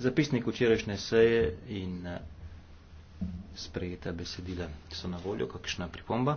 Zapisnik včerajšnje seje in eh, sprejeta besedila so na voljo, kakšna pripomba?